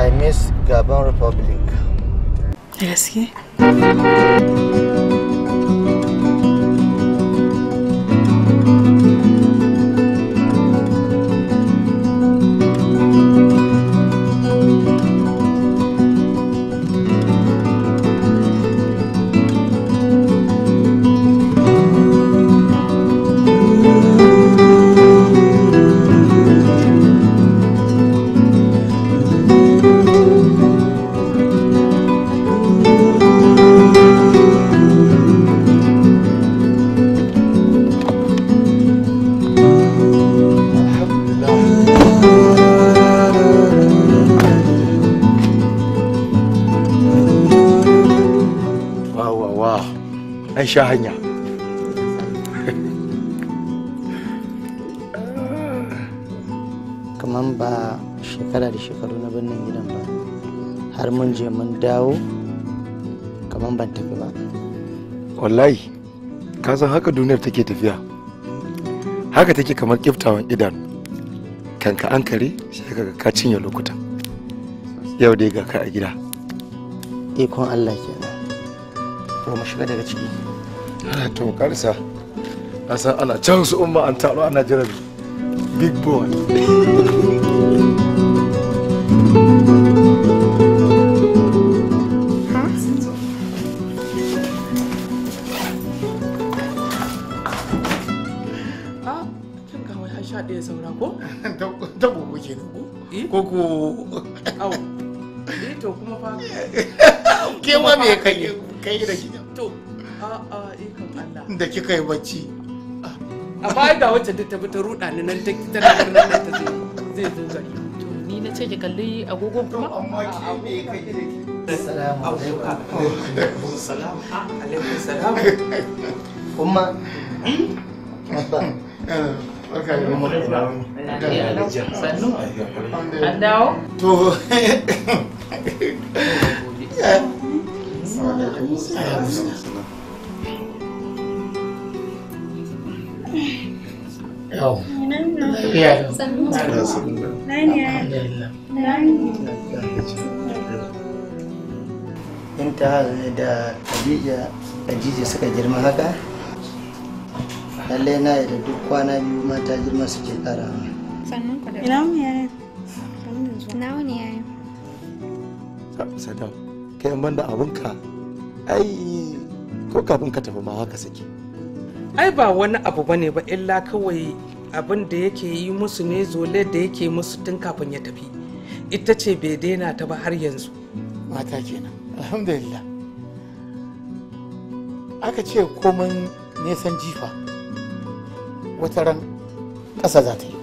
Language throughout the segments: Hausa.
I miss Gabon Republic. Yes, yeah. an sha hanya kamar ba shekara da shekaru na birnin gidan ba har mun je mun dawo kamar ban tafi ba wallahi ka san haka duniyar take tafiya haka take kamar kiftawan idan, kanka an kare sai ka ka cinye lokutan yau dai ga ka a gida ikon allah kenan ko mu shiga daga ciki ana ah, to karisa na san ana can su umma an taro ana jiran big boy ah, eh? ko ko au eh, to kuma fa ke ma kai da to da kika yi bacci a baya ga wacce ta tafi ta ruɗa ni nan ta tana murnar ta zai zo gari ni na ce ki kalli agogon kuma amma kai ah, an dawo to Yau. In ta da Khadija Khadija suka girma haka? Lallai na da duk kwana biyu mata girma suke ƙara. Sannan ku da. Ina mu yaya? Ina wani yaya? Sadau, kai ban da abinka. Ai, ko kafin ka tafi ma haka suke. ai ba wani abu bane ba illa kawai abin da yake yi musu ne zole da yake musu tun kafin ya tafi ita ce bai daina ta ba har yanzu mata kenan alhamdulillah aka ce komin nesan jifa wata ran ƙasa za ta yi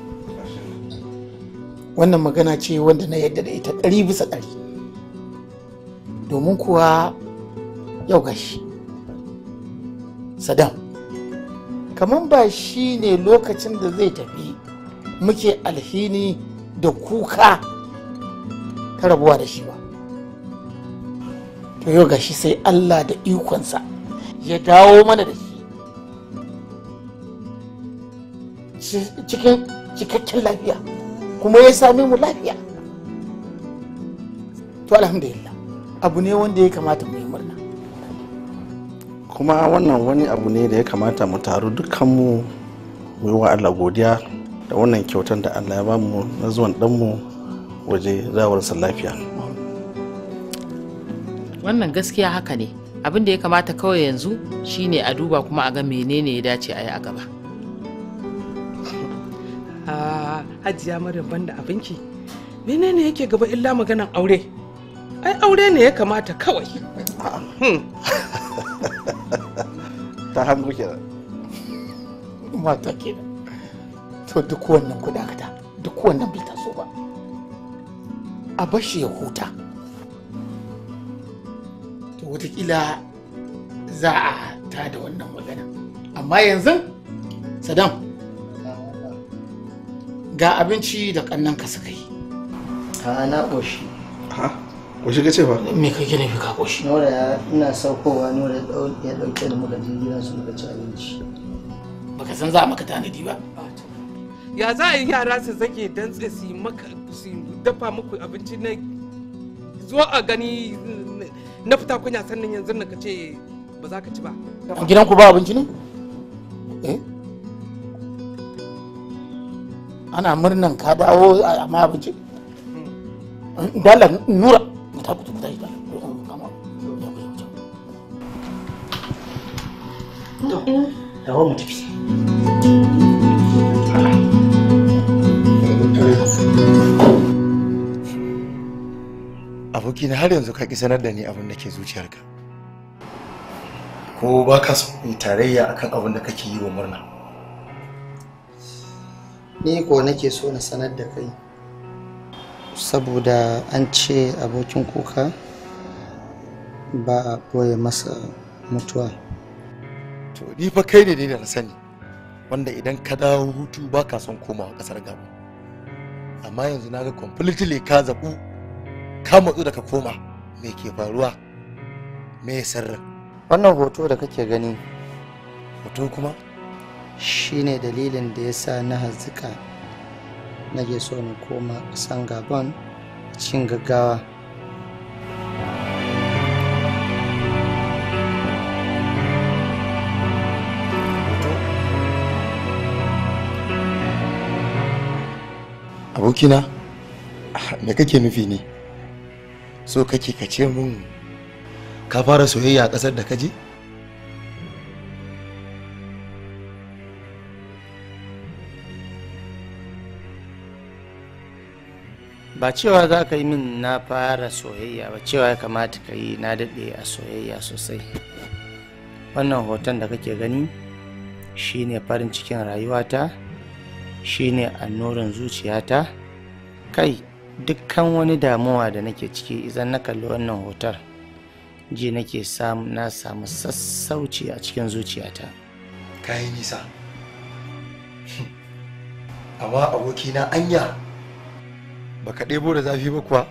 wannan magana ce wanda na yadda da ita ɗari bisa ɗari domin kuwa yau gashi saddam kamar ba shi ne lokacin da zai tafi muke alhini da kuka ta rabuwa da shi ba to yau gashi sai allah da ikonsa ya dawo mana da shi cikin cikakken lafiya kuma ya same mu lafiya to alhamdulillah abu ne wanda ya kamata mu yi kuma wannan wani abu ne da ya kamata mu taru dukkanmu mu yi wa allah godiya da wannan kyautar da allah ya ba mu na zuwan ɗanmu waje zawarsa lafiya wannan gaskiya haka ne abin da ya kamata kawai yanzu shine a duba kuma a ga menene ya dace a yi a gaba ah, hajiya mara banda abinki menene yake gaba illa maganan aure ai aure ne ya kamata kawai Hmm. ta hannu kenan mata kenan to duk wannan ka ta, duk wannan bai taso ba a shi ya huta to watakila za a ta da wannan magana amma yanzu sadam ga abinci da kannan ka suka yi ha na ƙoshi ha ko ka ce fa? Me kake nufi ka koshi? Nora ina saukowa Nora ya dauke da muka je gidan su muka ci abinci. Baka san za a maka tanadi ba. Ya za a yi yara su zake dan su maka su dafa muku abinci na zo a gani na fita kunya sannan yanzu na kace ba za ka ci ba. A gidan ku ba abinci ne? Eh? Ana murnan ka dawo amma abinci? Hmm. Dalar nura tabbata Abokina har yanzu ka ki sanar da ni abin da ke zuciyarka. Ko ba ka so in tarayya akan abin da kake yi wa murna. Ni ko nake so na sanar da kai. saboda an ce abokin kuka ba a ɓoye masa mutuwa to ni fa kai ne da na sani wanda idan ka dawo hutu ba ka son komawa kasar gaba amma yanzu na ga completely ka zaɓu ka matsu da ka koma me ke faruwa me sirrin wannan hoto da kake gani hoto kuma shine dalilin da ya sa na hazika nake so na koma kasan gabon cikin gaggawa abokina me kake nufi ne so kake ka ce mun ka fara soyayya a kasar da ka je? ba cewa za ka yi min na fara soyayya ba cewa ya kamata ka yi na daɗe a soyayya sosai wannan hoton da kake gani shine farin cikin rayuwata shine annorin zuciyata kai dukkan wani damuwa da nake ciki idan na kalli wannan hotar ji nake na samu sassauci a cikin zuciyata kayi nisa amma abokina anya baka ɗebo da zafi ba kuwa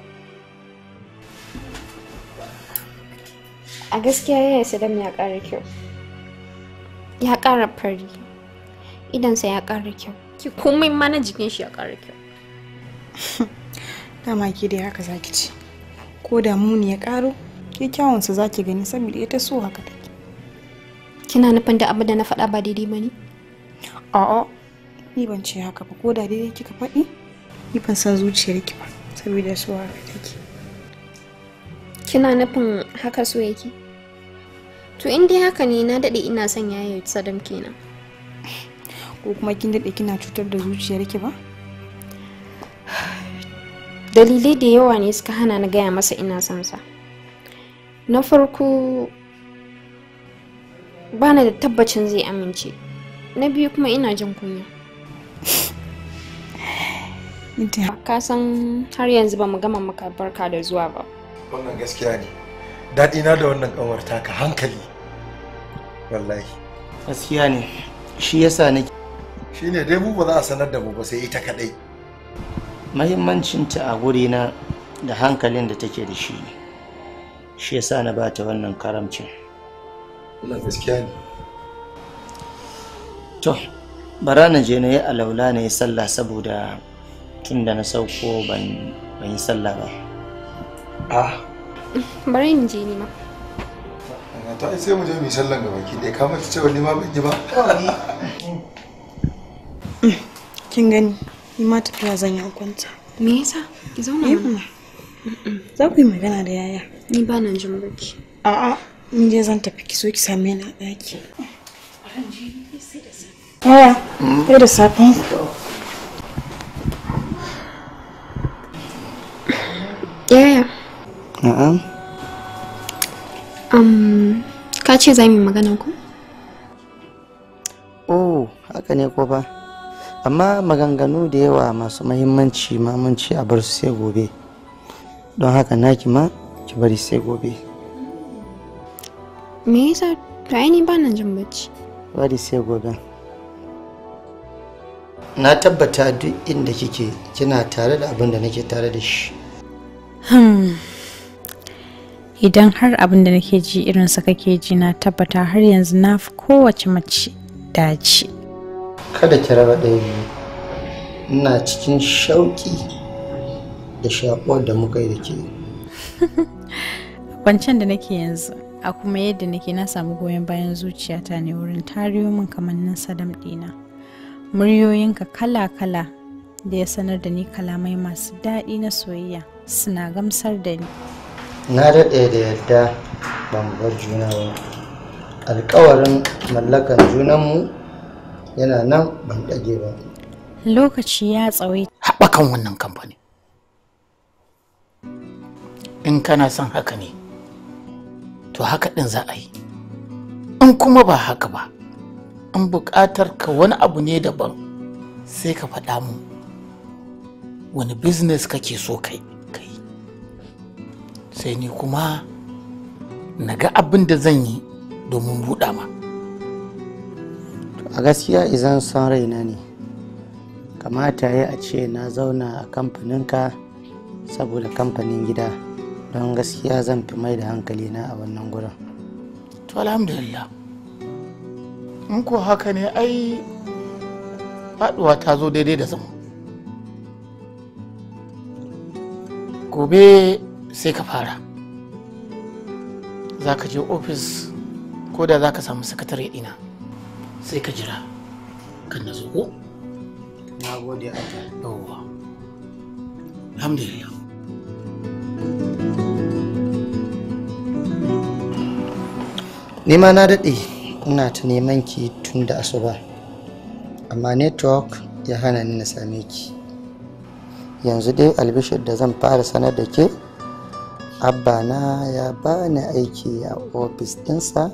a gaskiya yaya dam ya ƙara kyau ya ƙara fari idansa ya ƙara kyau ki komai mana jikin shi ya ƙara kyau dama ki dai haka zaki ce ko da muni ya ƙaro ke kyawunsa zaki gani saboda ita so haka take kina nufin da abu da na faɗa ba daidai ba ne a'a ni ban ce haka ba ko da daidai kika faɗi ni ban ba saboda su take kina nufin haka so yake to in dai haka ne na daɗe ina son yaya sadam kenan ko kuma kin daɗe kina cutar da zuciyarki ba dalilai da yawa ne suka hana na gaya masa ina son sa na farko bana da tabbacin zai amince na biyu kuma ina jin kunya ka san har yanzu ba mu gama maka barka da zuwa ba wannan gaskiya ne daɗi na da wannan kanwar taka hankali wallahi gaskiya ne shi yasa nake ne dai mu ba za a sanar da mu ba sai ita kadai ta a guri na da hankalin da take da shi shi yasa na bata wannan karamcin wannan gaskiya ne to bara na je na yi alaula na yi sallah saboda tun da na sauko ban yi sallah ba ah bari in je ni ma to ai sai mu je mu yi sallan ga baki ɗaya kamar ta cewa ni ma ban yi ba kin gani ni ma tafiya zan yi kwanta me yasa ki zauna mana za ku yi magana da yaya ni ba nan jin baki a'a in je zan tafi ki so ki same ni a ɗaki Yaya, kai mm. da safen Yaya. Na'am. Um, ka ce za mu yi magana ku? Oh, haka ne ko ba. Amma maganganu da yawa masu mahimmanci ci a bar su sai gobe. Don haka naki ma ki bari sai gobe. Me yasa to ai ni ba nan jin bacci. Bari sai gobe. Na tabbata duk inda kike kina tare da abin da nake tare da shi. hmm. idan har abin da nake ji irin sa kake ji na tabbata har yanzu na fi kowace mace dace kada ki raba ɗaya biyu ina cikin shauƙi da shaƙuwar da muka yi da ke Wancan da nake yanzu a kuma yadda nake na samu goyon bayan zuciyata ne wurin tariyo min nan sadam ɗina muryoyinka kala-kala da ya sanar da ni kalamai masu daɗi na soyayya suna gamsar da ni na daɗe da yadda ban bar juna ba alkawarin mallakan junanmu yana nan ban ɗage ba lokaci ya tsawai haɓakan wannan kamfani in kana son haka ne to haka ɗin za a yi in kuma ba haka ba in buƙatar ka wani abu ne daban sai ka faɗa mu wani business kake so kai sai ni kuma na ga abin da zan yi domin buɗa ma a gaskiya izan son raina ne kamata ya a ce na zauna a kamfaninka saboda kamfanin gida don gaskiya zan fi mai da hankali na a wannan gurin to alhamdulillah in ko haka ne ai faduwa ta zo daidai da sama gobe sai ka fara za ka je ofis ko da za ka samu sakatare ɗina sai ka jira kan na zo na gode a yawwa alhamdulillah nema na daɗe ina ta neman ki tun da asuba amma network ya hana ni na same ki yanzu dai albishir da zan fara sanar da ke abba na ya ba ni aiki a ofis ɗinsa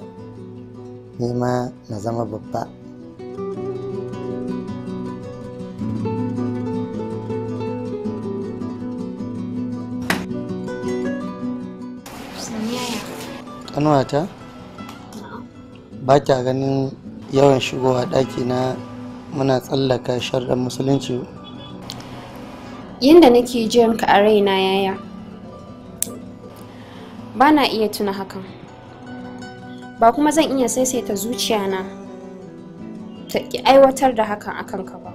nema na zama babba Ƙanwata ba ta ganin yawan shigowa ɗaki na muna tsallaka sharɗan musulunci yadda nake jiyanka a raina yaya ba na iya tuna hakan ba kuma zan iya saisaita zuciyana ta ki aiwatar da hakan a kanka ba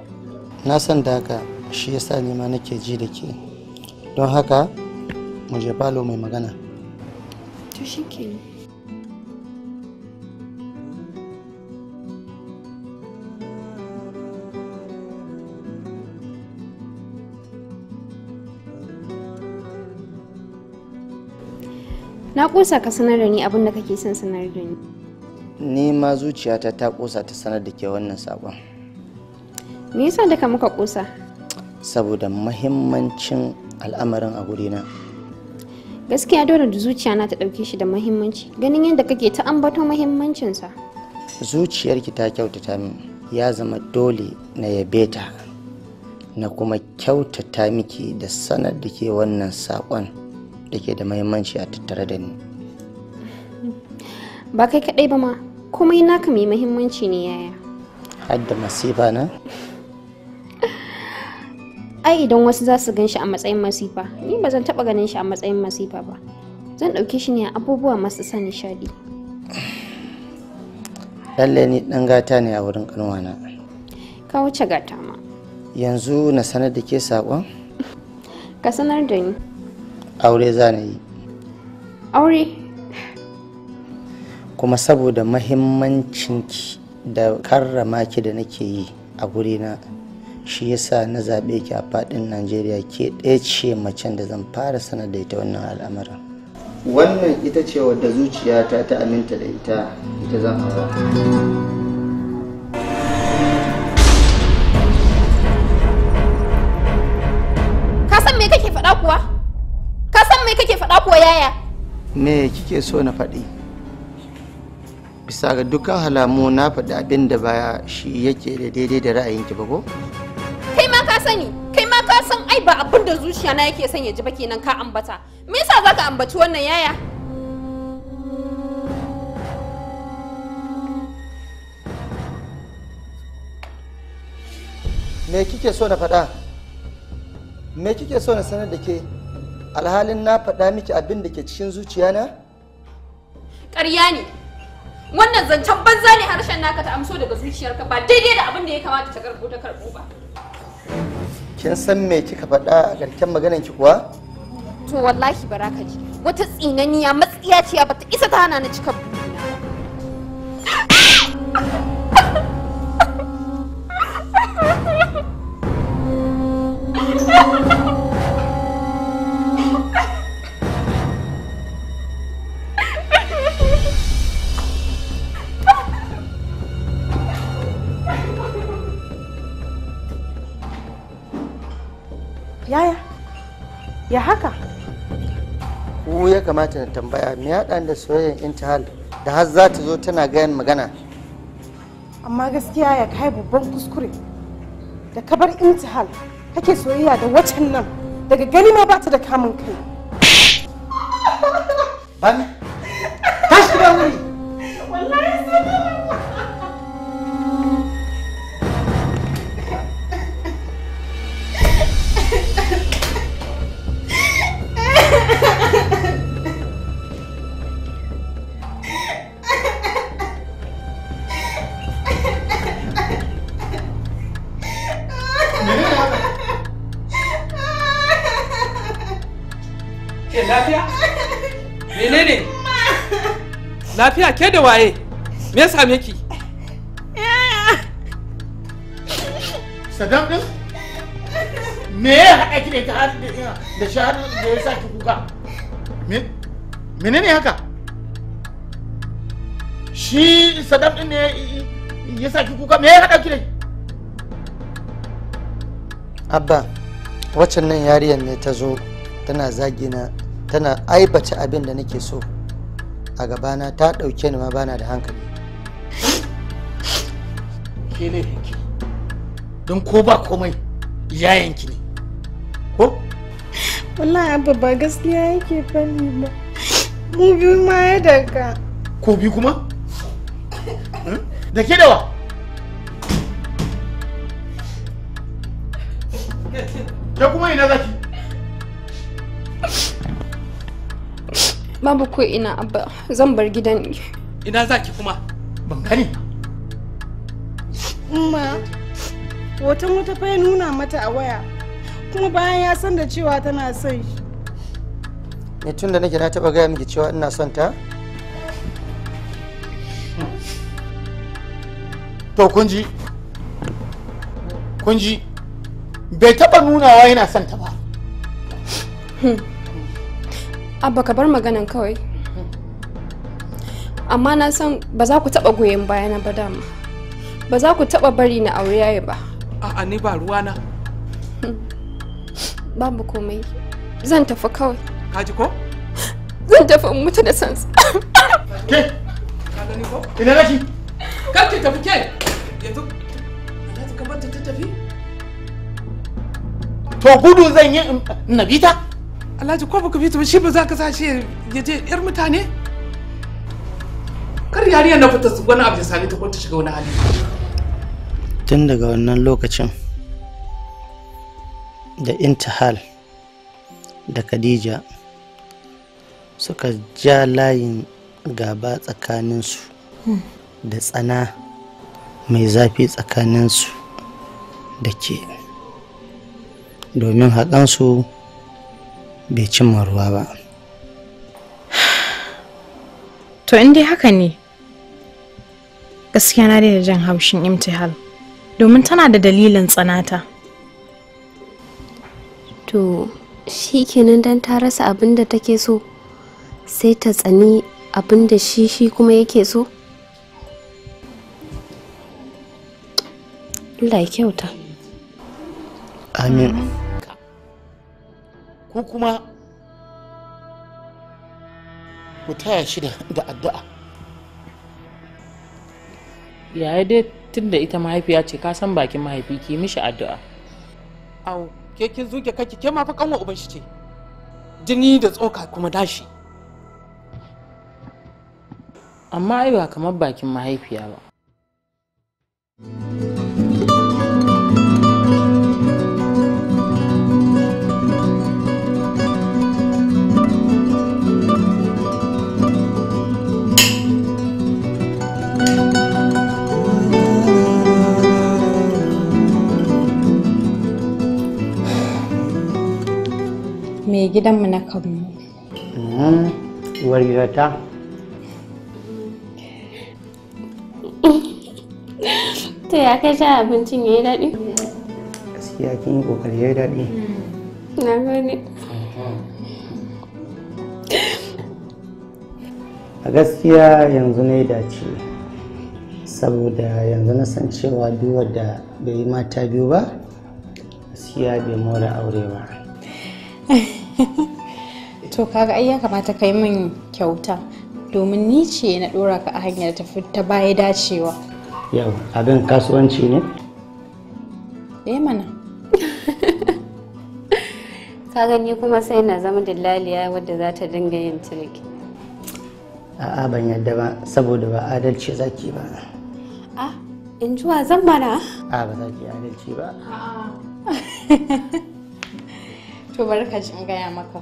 na san da haka shi yasa ne ma nake ji da ke don haka mu je falo mai magana to shikenan na kusa ka sanar da ni abin da kake son sanar da ni ni ma zuciyata ta kusa ta sanar da ke wannan sabon me yasa da ka muka kusa saboda mahimmancin al'amarin a gurina gaskiya dole da zuciya na ta dauke shi da muhimmanci, ganin yadda kake ta ambato mahimmancinsa zuciyarki ta kyautata min ya zama dole na yabe ta na kuma kyautata miki da sanar da ke wannan sakon da ke da mahimmanci a tattare da ni ba kai kaɗai ba ma komai naka mai mahimmanci ne yaya har da masifa na ai idan wasu za su gan shi a matsayin masifa ni ba zan taɓa ganin shi a matsayin masifa ba zan ɗauki shi ne a abubuwa masu sa nishaɗi lalle ni ɗan gata ne a wurin kanwana. ka wuce gata ma yanzu na sanar da ke saƙon ka sanar da ni aure za na yi aure kuma saboda mahimmancinki da karrama ki da nake yi a na shi yasa na zaɓe ki a faɗin najeriya ke ɗaya ce macen da zan fara sanar da ita wannan al'amara wannan ita ce wadda zuciyata ta aminta da ita ita zan fara ko yaya me kike so na faɗi bisa ga dukkan halamu na faɗi abin da baya shi yake da daidai da ra'ayinki ba ko kai ma ka sani kai ma ka san ai ba abin da zuciya na yake son ya ji ba kenan ka ambata me yasa zaka ambaci wannan yaya me kike so na faɗa me kike so na sanar da ke alhalin na faɗa miki abin da ke cikin zuciya na? ƙarya ne wannan zancen banza ne harshen naka ta amso daga zuciyarka ba daidai da abin da ya kamata ta karɓo ta karɓo ba kin san me kika faɗa a ƙarshen maganar ki kuwa to wallahi baraka ji wata tsinaniya matsiya ce bata isa ta hana ni cika buɗe kamata na tambaya yaɗa ya da soyayyar intihal da har za ta zo tana gayan magana amma gaskiya ya kai babban kuskure da kabar intihal kake soyayya da wacan nan daga gani ma ba ta da kamun kai ban ke eh, lafiya lafiya ke da waye me ya same ki sadam din me ya haɗa ki da ta da shahar da ya sa ki kuka menene haka shi sadam din ne ya sa ki kuka me ya haɗa ki da abba waccan nan yariyar ne ta zo tana zagina tana aibace abin da nake so a gabana ta ɗauke ni ma bana da hankali ke ne laifinki don ko ba komai yayanki ne ko wallahi abba ba gaskiya yake fani ba mu biyu ma ya danka. ko bi kuma hmm? da ke dawa ke kuma ina zaki Babu ko ina abba zan bar gidan. Ina zaki kuma? Ban gani. Umma, hoton wata fa nuna mata a waya. Kuma bayan ya san da cewa tana son shi. Ne tun da nake na taba gaya miki cewa ina son ta? To kunji kunji Bai taba nunawa yana son ta ba. Hmm. Abba ka bar maganan kawai. Amma na san ba za ku taɓa goyon bayana ba dama. Ba za ku taɓa bari na aure yayi ba. A'a ni ba ruwana. Hmm. Babu komai. Zan tafi kawai. Kaji ko? Zan tafi in mutu da sansa. Ke? Ka gani ko? Ina naki? Kar ki tafi ke. Yanzu Alhaji kamar ta tafi? To gudu zan yi in nabita? alhaji ko baka fito ba shi ba za ka sa shi ya je yar mutane kar yariyar na fita wani abu da sami ta ko ta shiga wani hali tun daga wannan lokacin da intihal da khadija suka ja layin gaba tsakaninsu da tsana mai zafi tsakaninsu da ke domin haƙansu bai cimma ruwa ba to in dai haka ne gaskiya na da jan haushin imtihal domin tana da dalilin tsanata to shi kenan don ta rasa abin da take so sai ta tsani abin da shi shi kuma yake so Allah ya kyauta amin mm ku kuma ku taya shi da addu'a yaya dai tunda ita mahaifiya ce ka san bakin mahaifi ki mishi addu'a au ke kin zuke kake ke ma fa kanwa uban shi ce jini da tsoka kuma dashi amma ai ba kamar bakin mahaifiya ba mai gidanmu na kanmu. Mm-hmm. Uwar gidata? To ya kai sha abincin ya yi daɗi? Gaskiya kin yi ƙoƙari ya yi daɗi. Mm. Na gani. A gaskiya yanzu na yi dace saboda yanzu na san cewa duk da bai yi mata biyu ba gaskiya bai more aure ba. to kaga ai ya kamata kai min kyauta domin ni ce na dora ka a hanyar tafi ta baya dacewa yau abin kasuwanci ne eh mana ka gani kuma sai na zama dillaliya wadda za ta dinga yin ciniki a'a ban yadda ba saboda ba adalci zaki ba a in zuwa zan mana a ba zaki adalci ba to barka in gaya maka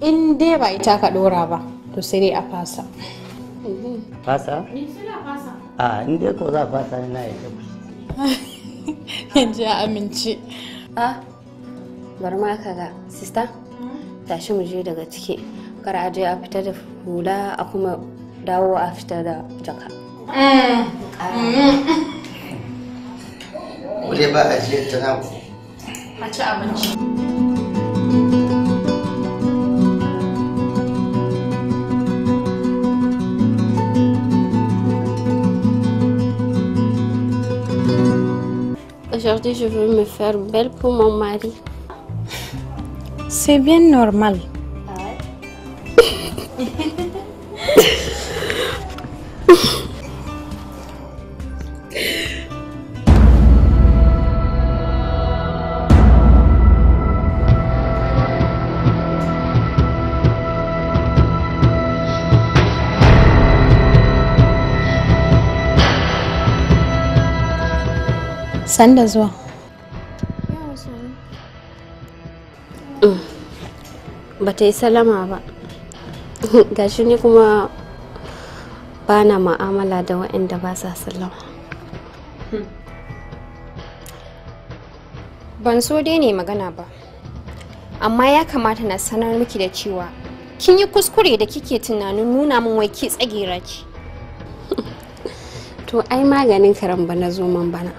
in dai ba ita ka dora ba to sai dai a fasa fasa? fasa a in dai ko za a fasa na yi yadda yanzu ya amince a bar ma ka ga sista hmm? tashi mu je daga ciki kar a je a fita da hula a kuma dawo a fita da jaka Kule hmm. ba a je ta a ci abinci. Aujourd'hui, je veux me faire belle pour mon mari. C'est bien normal. Ah sanda zuwa mm. ba ta yi salama ba gashi ni kuma ba na ma'amala da waɗanda ba sa salama hmm. ban so dai ne magana ba amma ya kamata na sanar miki da cewa kin yi kuskure da kike tunanin nuna min wai ki tsagera ce to ai maganin karan na zo man bana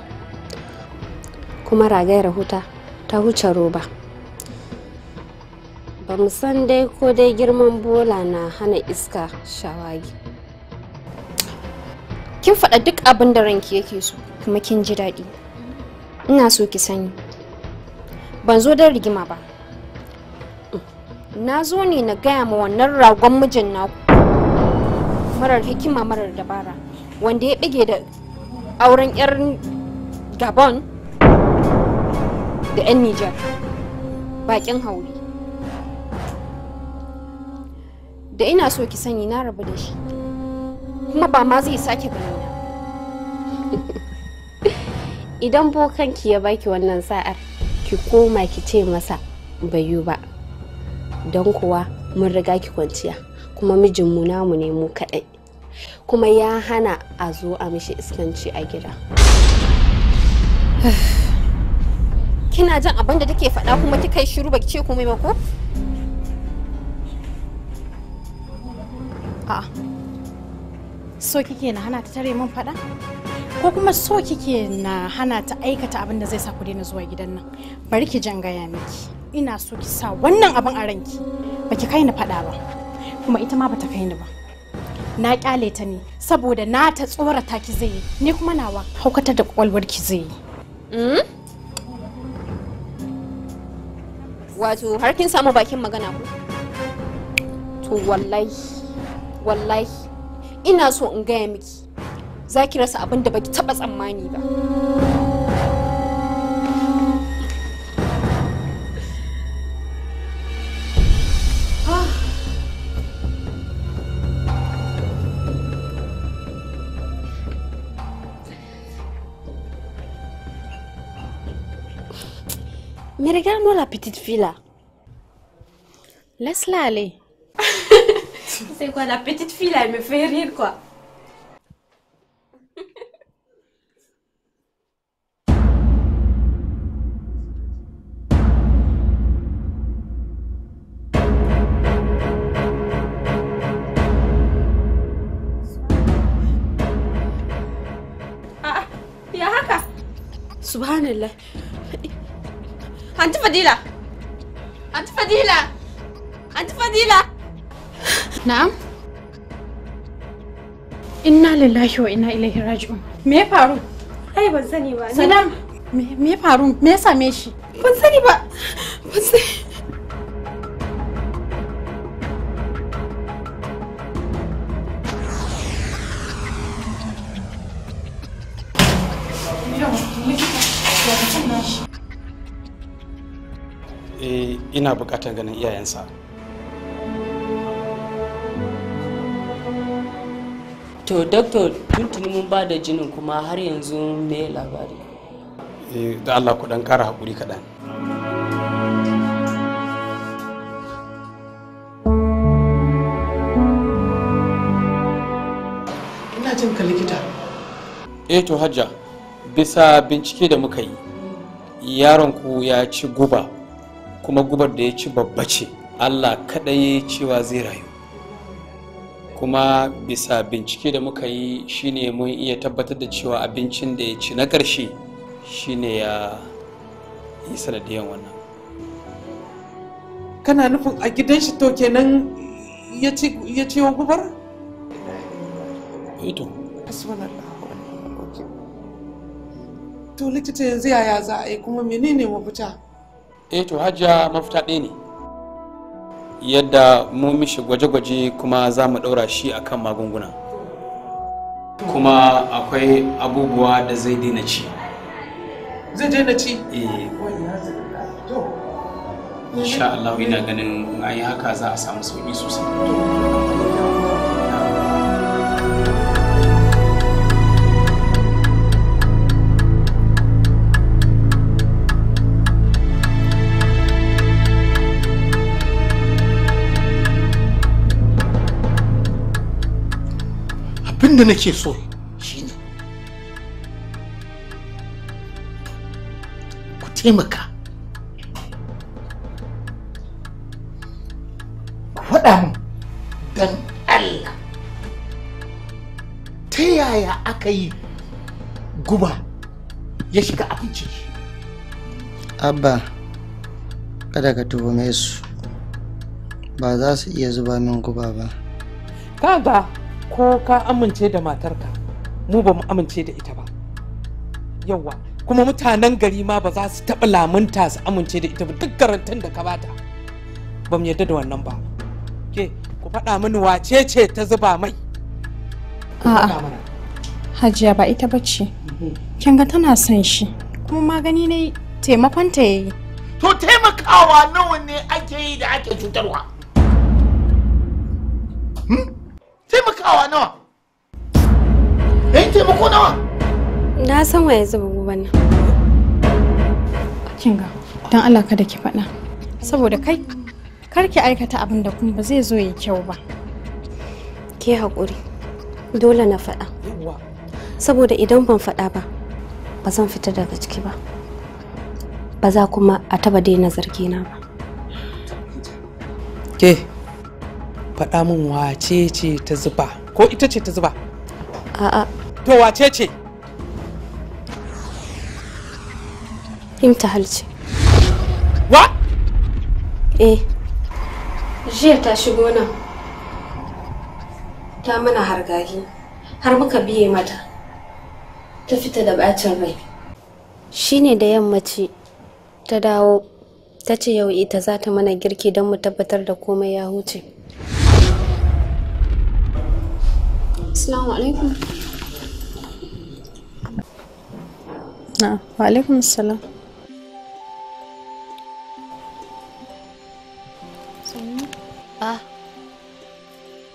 kuma ragayar huta ta huce roba ba mu san dai ko dai girman bola na hana iska shawagi kin faɗa duk abin da ranki yake so kuma kin ji daɗi ina so ki sani ban zo don rigima ba na zo ne na gaya ma wannan ragon mijin naku marar hikima marar dabara wanda ya ɓige da auren 'yar gabon da 'yan Nijar bakin haure. Da ina so ki sani na rabu da shi, kuma ba ma zai sake gani Idan bokanki ya baki wannan sa'ar, ki koma ki ce masa bayu ba, don kuwa mun riga ki kwanciya, kuma mijinmu namu ne mu kaɗai. kuma ya hana a zo a mishi iskanci a gida. kina jin abin da take faɗa kuma kika yi shiru baki ce ku ba mako? a so kike na hana ta tare min faɗa ko kuma so kike na hana ta aikata abin da zai sa ku daina zuwa gidan nan bari ki jan gaya miki ina so ki sa wannan abin a ranki baki kai ni faɗa ba kuma ita ma bata kai ni ba na kyale ta ne saboda na ta tsorata ki zai yi ni kuma nawa haukatar da kwakwalwar ki zai yi hmm? wato har kin samu bakin magana ku to wallahi wallahi ina so in gaya miki za ki rasa abin da baki taba tsammani ba Mais regarde-moi la petite fille là. Laisse-la aller. C'est quoi, la petite fille là, elle me fait rire quoi. Ah, Subhanallah. Anti Fadila! Anti Fadila! Anti Fadila! Na'am? Inna lillahi wa inna ilaihi raji'un. Me faru? Ai ban sani ba. Salam, me ya faru? Me ya Ban sani ba. Ban sani. ina buƙatar ganin iyayensa to doctor tuntuni mun ba da jinin kuma har yanzu me labari eh, da allah ku dan kara haƙuri kaɗan ina jin ka likita eh to hajja bisa bincike da muka yi yaron ku ya ci guba kuma gubar da ya ci babba ce allah kaɗai cewa zai rayu kuma bisa bincike da muka yi shine mun iya tabbatar da cewa abincin da ya ci na ƙarshe shine ya yi sanadiyan wannan kana nufin a gidan shi to kenan ya ci gubar? ito eh to likita yanzu yaya za a yi kuma menene mafita eh to hajja mafita ɗaya ne yadda mu mishi gwaje-gwaje kuma za mu ɗaura shi akan magunguna kuma akwai abubuwa da zai daina ci zai daina ci eh insha Allah ina ganin an yi haka za a samu sauƙi sosai da nake so shine ku taimaka ku faɗa mu don Allah ta yaya aka yi guba ya shiga abinci abba kada ka tuhume su ba za su iya zuba min guba ba Baba. ko ka amince da matarka mu ba mu amince da ita ba yawa kuma mutanen gari ma ba za su taɓa lamunta su amince da ita ba duk garantin da ka bata ba mu yadda da wannan ba ke ku faɗa mini wace ce ta zuba mai a'a hajiya ba ita bace mhm. kin ga tana son shi kuma magani ne taimakon ta yayi to taimakawa nawa ne ake yi da ake cutarwa hmm? taimakawa nawa eh taimako nawa na san waye zuba goban nan kin ga dan Allah kada ki faɗa saboda kai kar ki aikata abin da kuma ba zai zo ya kyau ba ke haƙuri dole na faɗa saboda idan ban faɗa ba ba zan fita daga ciki ba ba za kuma a taba daina zargina ba ke faɗa min wace ce ta zuba ko ita ce ta zuba a'a to wace ce ta ce wa eh jiya ta shigo nan ta mana hargagi har muka biye mata ta fita da bacin rai shine da yammaci ta dawo ta ce yau ita za ta mana girki don mu tabbatar da komai ya huce Assalamu alaikum. Na'am, wa alaikum assalam. Ah.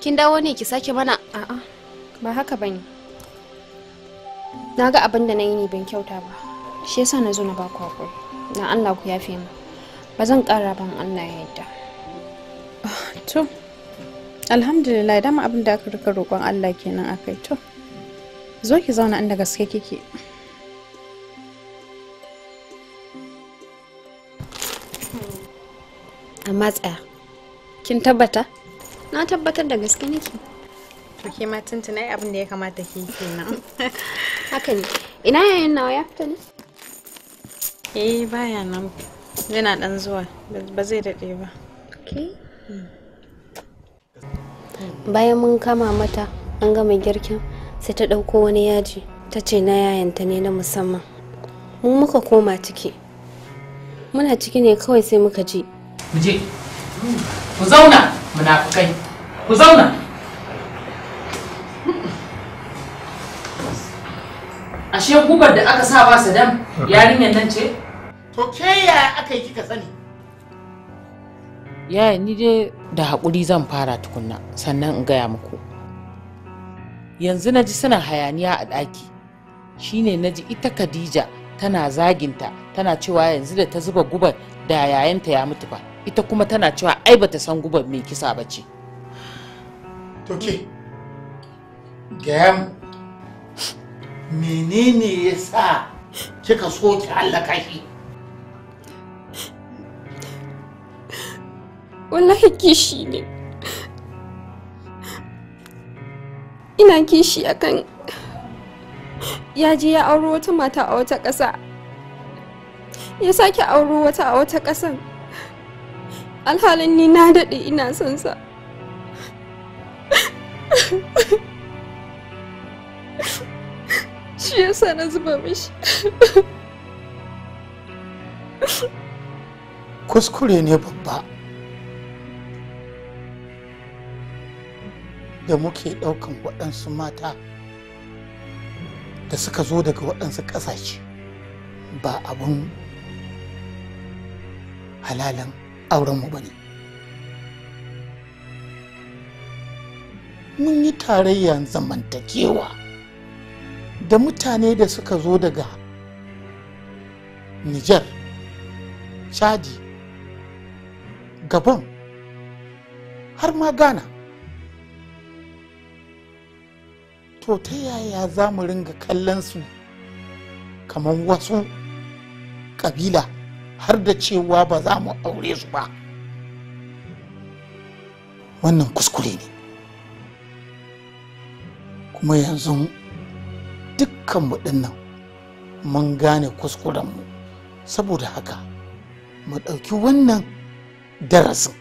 Kin dawo ne ki sake mana? A'a, ba haka bane. Na ga abin da na yi ne ban kyauta ba. Shi yasa na zo na baku haƙuri. Na Allah ku yafe mu. Ba zan ƙara ban Allah ya yadda. To, alhamdulillah dama abin da aka rika roƙon allah kenan a kai to zo ki zauna inda gaske kike amma tsaya kin tabbata na tabbatar da gaske nake to ke ma tuntuna abin da ya kamata ke kenan haka ne ina yayin nawa ya fita ne eh baya nan yana dan zuwa ba zai dade ba okay hmm. bayan mun kama mata an gama girkin sai ta ɗauko wani yaji ta ce na yayanta ne na musamman mun muka koma ciki muna ciki ne kawai sai muka ji muje ku zauna munafukai ku zauna ashe gubar da aka sa ba sadam mm-hmm. yarinyar nan ce to ke ya aka yi kika sani yaya ni dai da haƙuri zan fara tukunna sannan in gaya muku yanzu na ji suna hayaniya a ɗaki shine na ji ita khadija tana zaginta tana cewa yanzu da ta zuba gubar da yayanta ya mutu ba ita kuma tana cewa ai ba ta san gubar mai kisa ba ce to ke gaya menene ya sa kika so ki hallaka shi wallahi kishi ne ina kishi akan ya je ya auro wata mata a wata ƙasa ya sake auro wata a wata ƙasan alhalin ni na daɗe ina son sa shi yasa na zuba mishi kuskure ne babba da muke ɗaukan waɗansu mata da suka zo daga waɗansu ƙasashe ba abun halalan aurenmu ba ne mun yi tarayya zamantakewa da mutane da suka zo daga nijar chadi gabon har ma ghana to ta yaya za mu ringa kallon su kamar wasu kabila har da cewa ba za mu aure su ba wannan kuskure ne kuma yanzu dukkanmu dinnan mun gane mu saboda haka mu ɗauki wannan darasin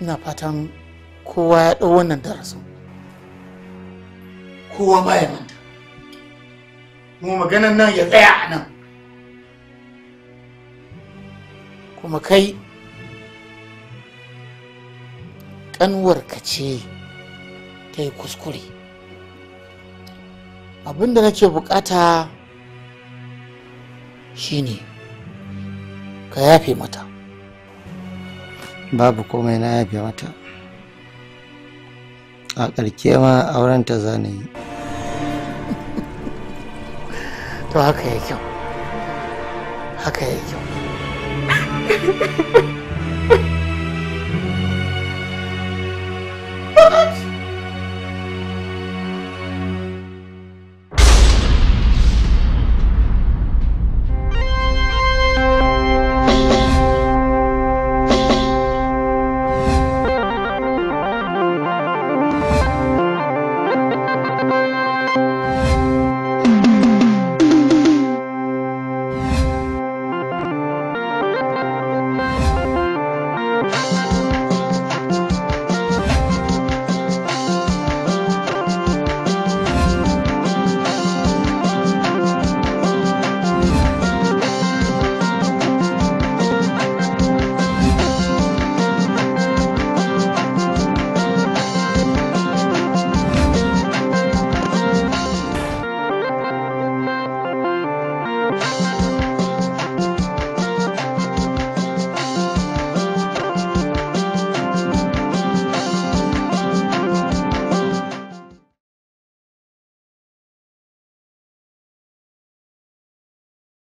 ina fatan kowa ya ɗau wannan darasin kowa ba ya manta kuma maganan nan ya tsaya a nan kuma kai ka ce ta yi kuskure abinda nake bukata shine ka yafe mata babu komai na yafe mata a ƙarke ma auren ta zane to ya